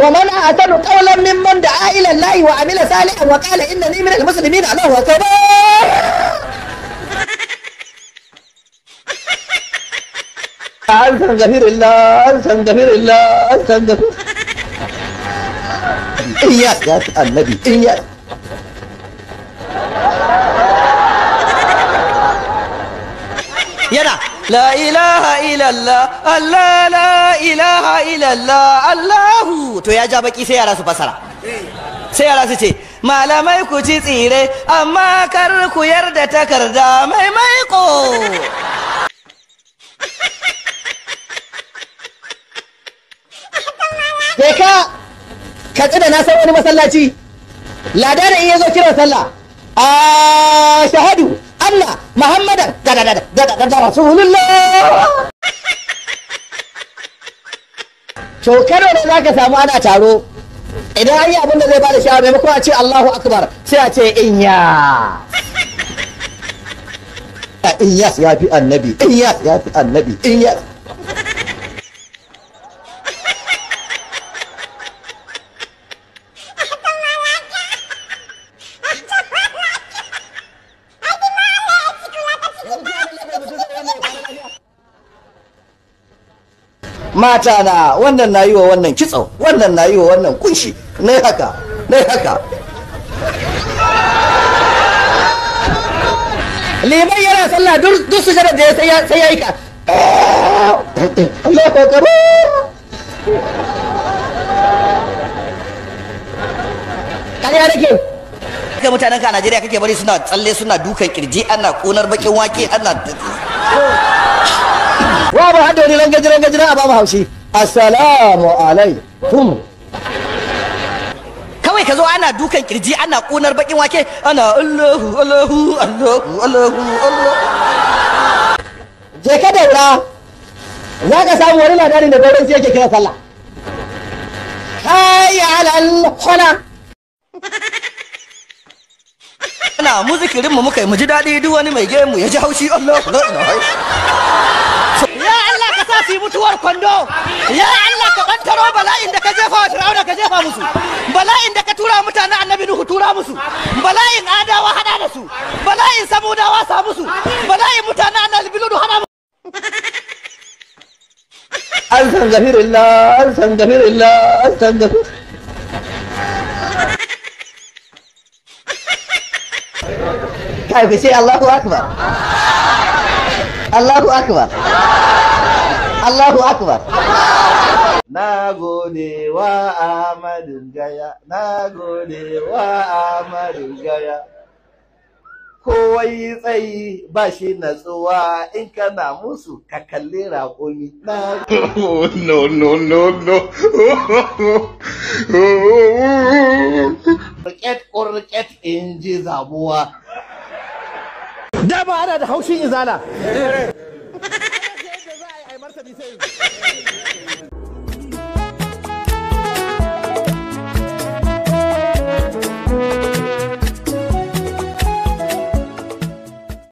ومن أحسن قولا ممن دعا إلى الله وعمل صالحا وقال إنني من المسلمين الله أكبر غفير الله غفير الله أستغفر إياك يا النبي إياك يلا la ilaha illallah Allah la ilaha illallah Allahu to ya ja baƙi sai yara su fasara sai yara su ce malamai ku ci tsire amma kar ku yarda takarda mai maiko je ka ka na san wani masallaci lada da iya zo kiran sallah a shahadu Allah Muhammad rasulullah to kano ne za ka samu ana taro idan an yi abin da zai bada shawara maimakon a ce allahu akbar sai a ce inya inyas ya fi annabi inyas ya fi annabi inyas mata na wannan na yi wa wannan kitso wannan na yi wa wannan kunshi na haka na haka liman yana sallah duk su da ya sai ya yi ka Allah kokaro kariya nake kai mutanen ka a Najeriya kake bari suna tsalle suna dukan kirji ana konar bakin wake ana wa ba hada wani rangaji a ba mu haushi assalamu alaikum kawai ka zo ana dukan kirji ana kunar bakin wake ana allahu allahu allahu allahu allahu je ka daura za ka samu wani labarin da gauran sai yake kira sallah hayya ala al-khala ana mu mu muka yi mu ji daɗi duk wani mai gemu ya ji haushi Allahu. Allah fi yi mutuwar kwando ya Allah ka bantaro bala'in da ka jefa wa Fir'auna ka jefa musu bala'in da ka tura mutanen Annabi Nuhu tura musu bala'in Adawa hada da su bala'in Samudawa sa musu bala'in mutanen Annabi Nuhu hada musu Astaghfirullah astaghfirullah astaghfirullah kai ku ce Allahu Akbar Allahu Akbar Allahu akbar na gode wa Ahmadu Gaya na gode wa Ahmadu Gaya kowai tsayi ba shi natsuwa in kana musu ka kalli raƙumi No, no no no no kurket kurket in ji zabuwa da ana da haushin izala dice.